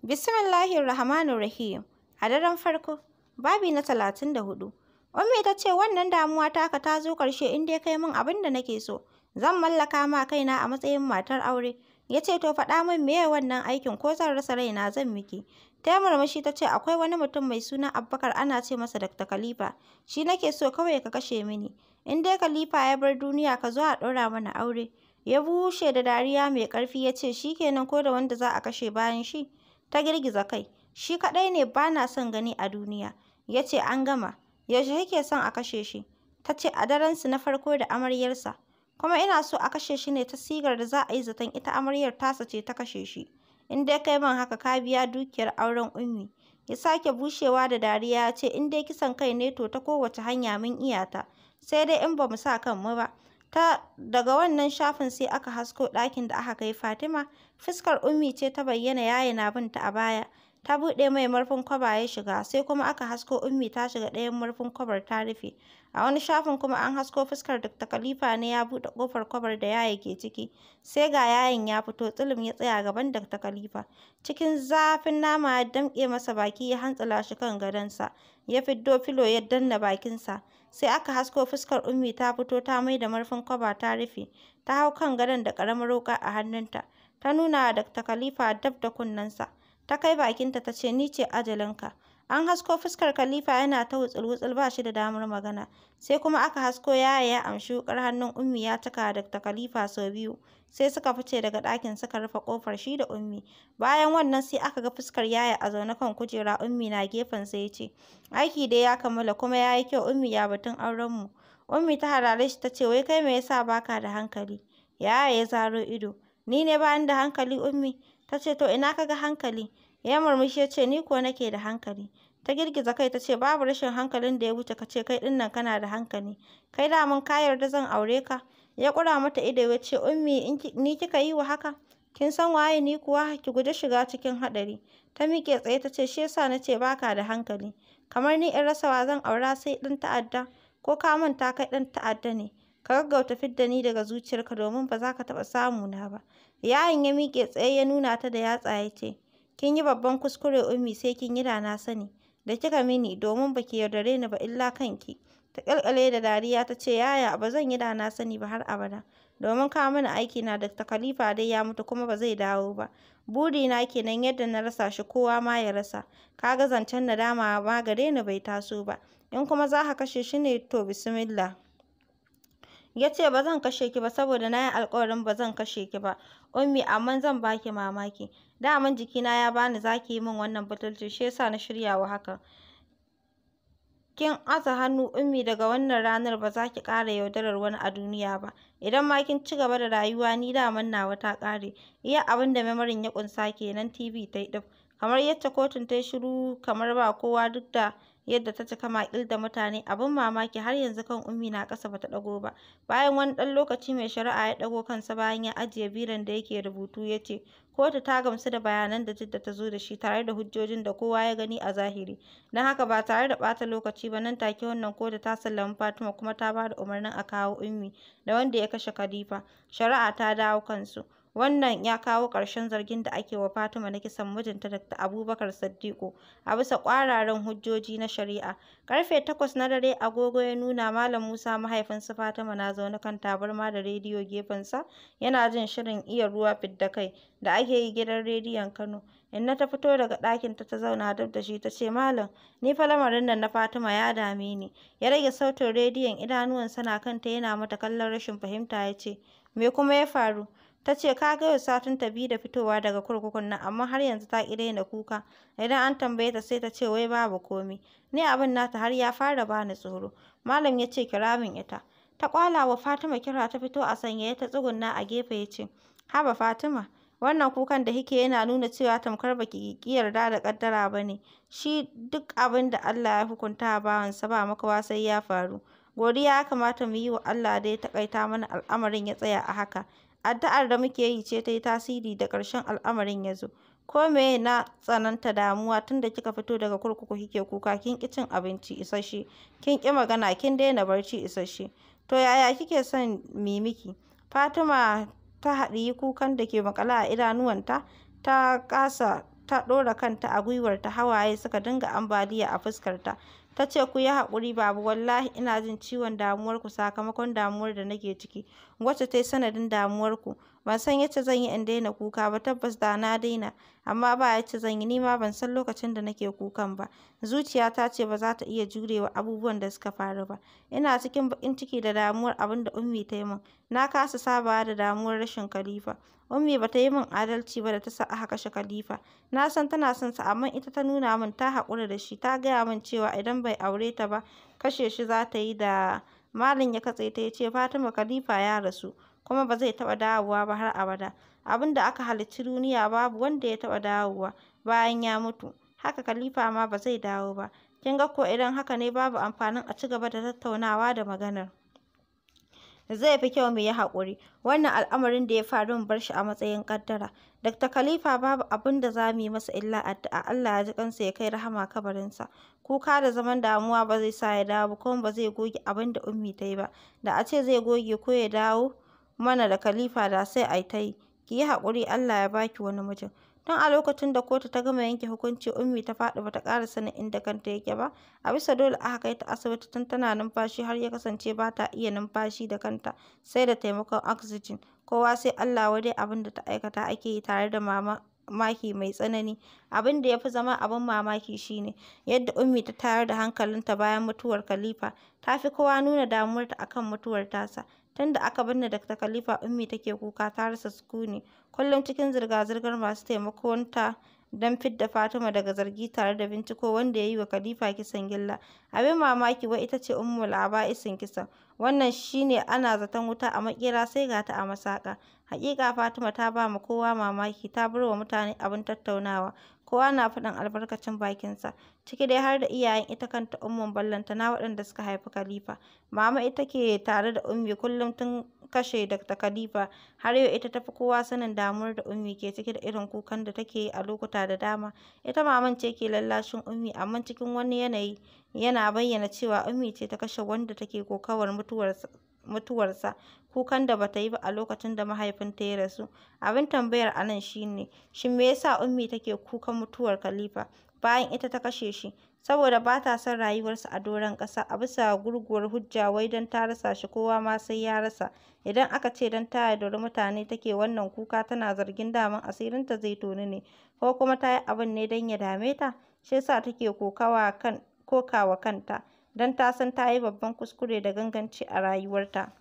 Bismillahir Rahmanir Rahim. A daren farko, babi na talatin da hudu. Ummi ta ce wannan damuwa taka ta zo ƙarshe in dai kai min abin da nake so. Zan mallaka ma kaina a matsayin matar aure. Ya ce to faɗa min meye wannan aikin ko zan rasa raina zan miki. Ta murmushi ta ce akwai wani mutum mai suna Abubakar ana ce masa Dr. Khalifa. Shi nake so kawai ka kashe mini. In dai Khalifa ya bar duniya ka zo a ɗora mana aure. Ya bushe da dariya mai ƙarfi ya ce shi kenan ko da wanda za a kashe bayan shi. Ta girgiza kai. Shi kaɗai ne ba na son gani a duniya. Ya ce an gama. Yaushe kake son a kashe shi? Ta ce a su na farko da amaryarsa. Kuma ina so a kashe shi ne ta sigar da za a yi zaton ita amaryar tasa ce ta kashe shi. In dai kai man haka ka biya dukiyar auren ummi. Ya sake bushewa da dariya ya ce in dai kisan kai ne to ta kowace hanya mun iyata, Sai dai in ba mu sa mu ba. Ta daga wannan shafin sai aka hasko ɗakin da aka kai Fatima, fuskar Ummi ce ta bayyana yaya na binta a baya. Ta buɗe mai murfin kwaba ya shiga, sai kuma aka hasko Ummi ta shiga ɗayan murfin kwabar ta rufe. A wani shafin kuma an hasko fuskar Dr. Khalifa ne ya buɗe kofar kwabar da yaya ke ciki. Sai ga yayin ya fito tsilim ya tsaya gaban Dr. Khalifa. Cikin zafin nama ya damƙe masa baki ya hantsila shi kan gadonsa. Ya fiddo filo ya danna bakinsa. sai aka hasko fuskar ummi ta fito ta mai da marfin kwaba ta rufe ta hau kan gadon da karamar roƙa a hannunta ta nuna wa dakta khalifa dab da kunnensa ta kai bakinta ta ce ni ce ajalinka An hasko fuskar Khalifa yana ta wutsul-wutsul ba shi da damar magana. Sai kuma aka hasko yaya ya amshi wukar hannun Ummi ya cika da ta Khalifa sau biyu. Sai suka fice daga ɗakin suka rufe ƙofar shi da Ummi. Bayan wannan sai aka ga fuskar yaya a zaune kan kujera Ummi na gefen sai ya ce, Aiki dai ya kammala kuma ya yi kyau Ummi ya batun auren mu. Ummi ta harare shi ta ce, wai kai me yasa baka da hankali? Yaya ya zaro ido. Ni ne bani da hankali Ummi? Ta ce, to ina ka ga hankali? Ya murmushi ya ce, Ni kuwa nake da hankali. Ta girgiza kai ta ce, Babu rashin hankalin da ya wuce ka ce kai dinnan nan kana da hankali. Kai da mun ka yarda zan aure ka. Ya kura mata ido ya ce, Ummi, ni kika yi wa haka? Kin san waye ni kuwa? Ki guji shiga cikin haɗari. Ta miƙe tsaye ta ce, Shi yasa na ce baka da hankali. Kamar ni in rasa wa zan aura sai ɗan ta'adda. Ko ka manta kai dan ta'adda ne. Ka gaggauta fidda ni daga zuciyarka domin ba za ka taɓa samu na ba. Yayin ya miƙe tsaye ya nuna ta da yatsa ya ce, Kin yi babban kuskure Ummi sai kin yi da sani da kika mini domin baki yaudare ni ba illa kanki. Ta kalkale da dariya ta ce yaya ba zan yi da sani ba har abada domin ka mana aiki na da Khalifa dai ya mutu kuma ba zai dawo ba. buri na kenan yadda na rasa shi kowa ma ya rasa. Ka ga zancen nadama ma gare ni bai taso ba. In kuma za ka kashe shi ne to bismillah. Ya ce ba zan kashe ki ba saboda na yi alkawarin ba zan kashe ki ba. Ummi amma zan baki mamaki. Daman jikina ya bani zaki yi min wannan butulci shi yasa na shirya wa hakan. kin aza hannu ummi daga wannan ranar ba za ki ƙara yaudarar wani a duniya ba idan ma kin ci gaba da rayuwa ni daman nawa ta ƙare iya abin da memorin ya ƙunsa kenan TV ta yi kamar yadda kotun ta yi shiru kamar ba kowa duk da yadda ta cika maƙil da mutane abin mamaki har yanzu kan ummi na ƙasa bata ɗago ba bayan wani ɗan lokaci mai shari'a ya ɗago kansa bayan ya ajiye biran da yake rubutu ya ce kotu ta gamsu da bayanan da jidda ta zo da shi tare da hujjojin da kowa ya gani a zahiri don haka ba tare da ɓata lokaci ba nan take wannan kotu ta sallami fatima kuma ta ba da umarnin a kawo ummi da wanda ya kashe khalifa shari'a ta dawo kansu Wannan ya kawo ƙarshen zargin da ake wa Fatima na kisan mijinta Dr. Abubakar Saddiƙo a bisa ƙwararan hujjoji na shari'a. Ƙarfe takwas na dare agogo ya nuna Malam Musa mahaifinsa Fatima na zaune kan tabarma da rediyo gefensa yana jin shirin iya ruwa fidda kai da ake yi gidan rediyon Kano. Inna ta fito daga ɗakinta ta zauna duk da shi ta ce, Malam, ni fa lamarin nan na Fatima ya dame ni. Ya rage sautin rediyon idanuwansa na kanta yana mata kallon rashin fahimta ya ce, Me kuma ya faru? Ta ce ka ga yau satin ta biyu da fitowa daga kurkukun nan amma har yanzu ta ƙi daina kuka. Idan an tambaye ta sai ta ce wai babu komi. Ni abin nata har ya fara bani tsoro. Malam ya ce kira ita. Ta kwala wa Fatima kira ta fito a ya ta tsugunna a gefe ya ce haba Fatima wannan kukan da kike yana nuna cewa tamkar baki ki yarda da kaddara ne." shi duk abin da Allah ya hukunta bawansa ba makawa sai ya faru. godiya ya kamata mu yi wa Allah da ya taƙaita mana al'amarin ya tsaya a haka Addu'ar da muke yi ce ta yi tasiri da ƙarshen al'amarin ya zo. Ko meye na tsananta damuwa tun da kika fito daga kurkuku kike kuka kin ki cin abinci isasshe, kin ki magana kin daina barci isasshe, to yaya kike son mimiki. miki? Fatima ta haɗiyi kukan da ke maƙala a idanuwanta, ta ƙasa ta ɗora kanta a gwiwarta hawaye suka dinga ambaliya a fuskarta. ta ce ku yi haƙuri babu wallahi ina jin ciwon damuwarku sakamakon damuwar da nake ciki wacce ta yi sanadin damuwarku Ban san yace zan yi in daina kuka ba, tabbas da na daina, amma ba yace zan yi, nima ban san lokacin da nake kukan ba. Zuciya ta ce ba za ta iya jurewa abubuwan da suka faru ba. Ina cikin bakin ciki da damuwar abin da Ummi ta yi min. Na kasa sabawa da damuwar rashin Khalifa. Ummi ba ta yi min adalci ba da ta sa aka kashe Khalifa. Na san tana son sa, amma ita ta nuna min ta haƙura da shi, ta gaya min cewa idan bai aure ta ba, kashe shi za ta yi da Malam ya katse ta ya ce, Fatima Khalifa ya rasu. kuma ba zai taɓa dawowa ba har abada abin da aka halicci duniya babu wanda ya taɓa dawowa bayan ya mutu haka kalifa ma ba zai dawo ba kin ga ko idan haka ne babu amfanin a ci gaba da tattaunawa da maganar zai fi kyau mu yi haƙuri wannan al'amarin da ya faru mu bar shi a matsayin kaddara Dr. kalifa babu abin da za mu yi masa illa addu'a Allah ya ji kansa ya kai rahama kabarinsa kuka da zaman damuwa ba zai sa ya dawo ba kuma ba zai goge abin da ummi ta yi ba da a ce zai goge ko ya dawo mana da kalifa da sai ai ta yi, ki yi haƙuri Allah ya baki wani mijin. Tun a lokacin da kotu ta gama yanke hukunci Ummi ta faɗi bata ƙara sanin inda kanta yake ba, a bisa dole aka kai ta asibiti tun tana numfashi har ya kasance ba ta iya numfashi da kanta sai da taimakon oxygen. Kowa sai Allah wadai abin da ta aikata ake yi tare da mama mamaki mai tsanani. Abin da ya fi zama abin mamaki shine yadda Ummi ta tayar da hankalinta bayan mutuwar kalifa Ta fi kowa nuna damuwarta akan mutuwar tasa. da aka binne Dr. Khalifa Ummi take kuka ta rasa sukuni, kullum cikin zirga-zirgar masu taimakonta don fidda Fatima daga zargi tare da binciko wanda ya yi wa Khalifa kisan gilla. Abin mamaki wai ita ce laba isin kisan. Wannan shine ana zaton wuta a makera sai ga ta a masaka. Hakika Fatima ta ba ma kowa mamaki ta bar wa mutane abin tattaunawa. kowa na faɗin albarkacin bakinsa, ciki dai har da iyayen ita kanta Ummun na waɗanda suka haifi Khalifa. Mama ita ke tare da Ummi kullum tun kashe da ta Khalifa, har yau ita tafi kowa sanin damuwar da Ummi ke ciki da irin kukan da take yi a lokuta da dama. Ita maman ce ke lallashin Ummi amma cikin wani yanayi yana bayyana cewa Ummi ce ta kashe wanda take kokawar mutuwarsa. mutuwarsa, kukan da bata yi ba a lokacin da mahaifinta ya rasu. Abin tambayar anan shine shin me yasa Ummi take kukan mutuwar kalifa bayan ita ta kashe shi? Saboda ba ta son rayuwarsa a doron ƙasa, a bisa gurguwar hujja wai don ta rasa shi kowa ma sai ya rasa. Idan aka ce don ta yaudari mutane take wannan kuka tana zargin daman asirinta zai tonu ne, ko kuma ta yi abin ne don ya dame ta, shi yasa take kokawa kan kokawa kanta. don ta san ta yi babban kuskure da ganganci a rayuwarta.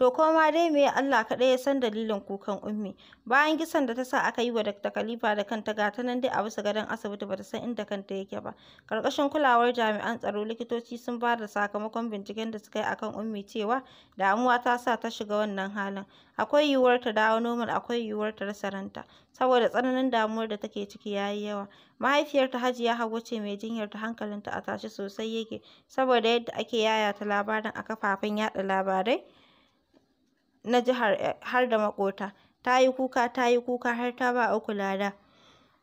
To ko ma dai me Allah kaɗai ya san dalilin kukan Ummi. Bayan kisan da ta sa aka yi wa Dr. Khalifa da kanta ga ta nan dai a bisa gadon asibiti bata san inda kanta yake ba. Karkashin kulawar jami'an tsaro likitoci sun ba da sakamakon binciken da suka yi akan Ummi cewa damuwa ta sa ta shiga wannan halin. Akwai yiwuwar ta dawo normal akwai yiwuwar ta rasa ranta saboda tsananin damuwar da take ciki yayi yawa. Mahaifiyarta Hajiya Hauwa ce mai jinyar ta hankalinta a tashe sosai yake saboda yadda ake yaya ta labarin a kafafen yaɗa labarai. na jihar eh, har da maƙota. Ta yi kuka ta yi kuka har ta ba Uku lada.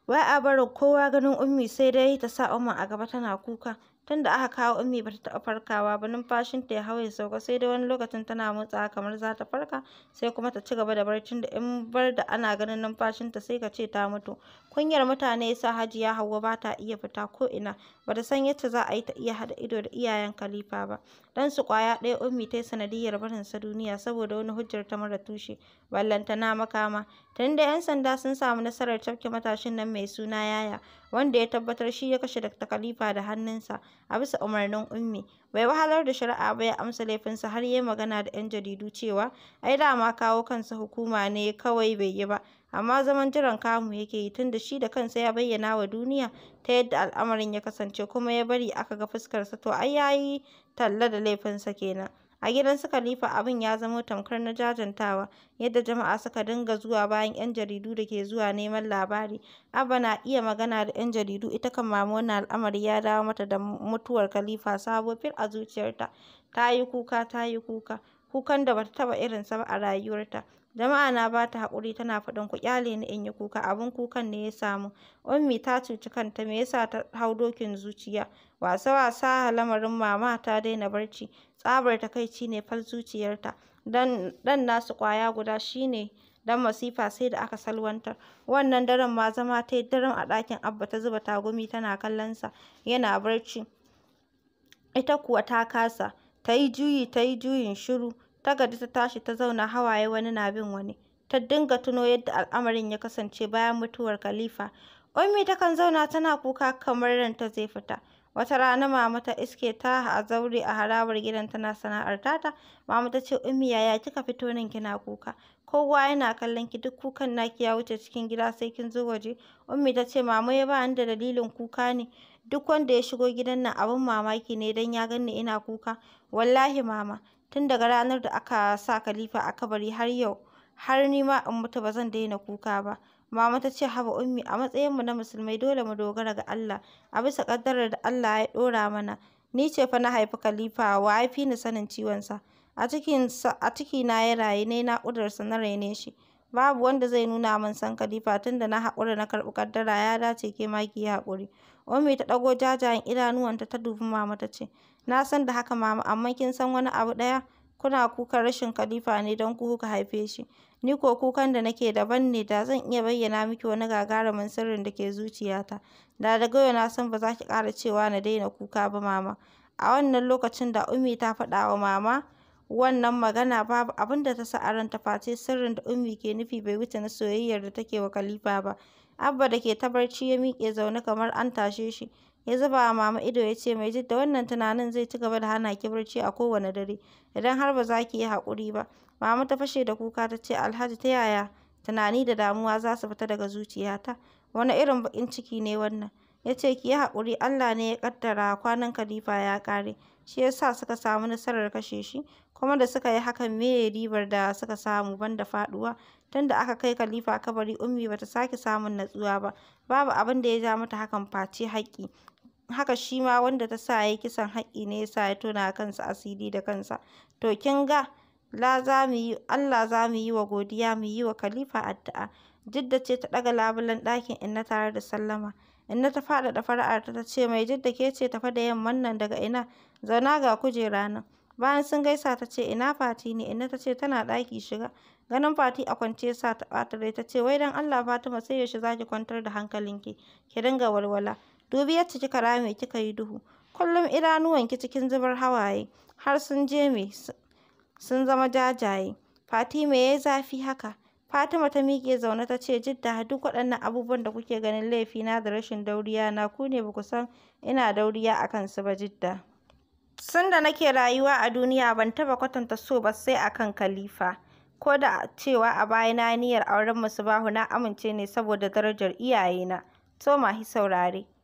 Wai a barin kowa ganin Ummi sai dai ta sa Umma a gaba tana kuka. Tunda aka kawo Ummi ba ta taɓa farkawa ba numfashinta ya hau ya sauka sai dai wani lokacin tana motsawa kamar za ta farka sai kuma ta ci gaba da barcin da in bar da ana ganin numfashinta sai ka ce ta mutu. Kunyar mutane ya sa Hajiya Hauwa ba ta iya fita ko'ina, ba ta san yadda za a yi ta iya haɗa ido da iyayen Khalifa ba. Dan su ƙwaya ɗaya Ummi ta yi sanadiyyar barinsa duniya saboda wani hujjar ta mara tushe, na makama. Tun da 'yan sanda sun samu nasarar cafke matashin nan mai suna Yaya, wanda ya tabbatar shi ya kashe dakta Khalifa da hannunsa a bisa umarnin Ummi. Bai wahalar da shari'a ba ya amsa laifinsa har ya yi magana da 'yan jaridu cewa ai da ma kawo kansa hukuma ne kawai bai yi ba. amma zaman jiran kamu yake yi tun da shi da kansa ya bayyana wa duniya ta yadda al'amarin ya kasance kuma ya bari aka ga fuskarsa to ai yayi talla da laifinsa kenan. A gidan su Khalifa abin ya zama tamkar na jajantawa, yadda jama'a suka dinga zuwa bayan 'yan jaridu da ke zuwa neman labari. Abba na iya magana da 'yan jaridu ita kan mama wannan al'amari ya dawo mata da mutuwar Khalifa sabo fil a zuciyarta. Ta yi kuka ta yi kuka, kukan da bata taɓa irinsa ba a rayuwarta. Jama'a na ba ta haƙuri tana faɗin ku ƙyale ni in yi kuka, abin kukan ne ya samu. Ummi ta cuci kanta me yasa ta hau dokin zuciya. Wasa-wasa lamarin mama ta daina barci. Tsabar takaici ne fal zuciyarta. Ɗan nasu ƙwaya guda shi ne dan masifa sai da aka salwantar. Wannan daren ma zama ta yi daren a ɗakin Abba ta zuba tagumi tana kallon sa yana barci. Ita kuwa ta kasa. Ta yi juyi ta yi juyin shiru. Ta ta tashi ta zauna hawaye wani na bin wani. Ta dinga tuno yadda al'amarin ya kasance bayan mutuwar Khalifa. Ummi kan zauna tana kuka kamar ranta zai fita. Wata rana mama ta iske ta a zaure a harabar gidan tana sana'ar tata. Mama ta ce Ummi yaya kika fito nan kina kuka? Kowa yana kallon ki duk kukan naki ya wuce cikin gida sai kin zo waje. Ummi ta ce mama ya ba ni da dalilin kuka ne. Duk wanda ya shigo gidan nan abin mamaki ne dan ya ganni ina kuka. Wallahi mama tun daga ranar da aka sa Khalifa a kabari har yau har ni ma in mutu ba zan daina kuka ba Mama ta ce haba ummi a matsayinmu na musulmai dole mu dogara ga Allah a bisa ƙaddarar da Allah ya ɗora mana ni ce fa na haifi kalifa wa haifi ni sanin ciwonsa a cikin a ciki na ya rayu ne na ƙudurarsa na raine shi Babu wanda zai nuna min san Khalifa tunda na haƙura na karɓi kaddara ya dace ke ma ki haƙuri. Ummi ta ɗago jajayen idanuwanta ta dubi mama ta ce, Na san da haka mama amma kin san wani abu ɗaya? Kuna kukan rashin Khalifa ne don ku kuka haife shi. Ni ko kukan da nake daban ne da zan iya bayyana miki wani gagarumin sirrin da ke zuciyata. Da daga yau na san ba za ki ƙara cewa na daina kuka ba mama. A wannan lokacin da Ummi ta faɗa wa mama wannan magana babu abin da ta sa a ranta face sirrin da Ummi ke nufi bai wuce na soyayyar da take wa Khalifa ba. Abba da ke ta barci ya miƙe zaune kamar an tashe shi. Ya zuba wa mama ido ya ce mai jidda wannan tunanin zai ci gaba da hana ki barci a kowane dare idan har ba za ki yi haƙuri ba. Mama ta fashe da kuka ta ce Alhaji ta yaya tunani da damuwa za su fita daga zuciyata. Wani irin baƙin ciki ne wannan. Ya ce ki yi haƙuri Allah ne ya ƙaddara kwanan Khalifa ya ƙare. shi yasa suka samu nasarar kashe shi, kuma da suka yi hakan meye ribar da suka samu banda faduwa tunda aka kai kalifa kabari Ummi bata sake samun natsuwa ba, babu abin da ya ja mata hakan face haƙƙi. haka shi ma wanda ta sa ya kisan haƙƙi ne yasa ya tona kansa asiri da kansa. To kin ga, la za mu yi, Allah za mu yi wa godiya mu yi wa Khalifa addu'a. Jidda ce ta daga labulen ɗakin inna tare da sallama. Inna ta faɗaɗa fara'arta ta ce, Mai jidda ke ce tafe da yamman nan daga ina? Zauna ga kujera nan. Bayan sun gaisa ta ce, Ina Fati ne? Inna ta ce, Tana ɗaki shiga. Ganin Fati a kwance sa ta ɓata ta ce, Wai don Allah Fatima sai yaushe za ki kwantar da hankalinki, ki dinga walwala. Dubi yadda kika rame kika yi duhu. Kullum idanuwanki cikin zubar hawaye, har sun je me sun zama jajaye. Fati me yayi zafi haka? Fatima ta miƙe zaune ta ce, Jidda, duk waɗannan abubuwan da kuke ganin laifina da rashin na ku ne ba ku san ina dauriya a kansu ba Jidda. sun da nake rayuwa a duniya ban taɓa kwatanta so ba sai a kan kalifa. Ko da cewa a baya na niyyar auren bahu na amince ne saboda darajar iyayena. To hi saurare.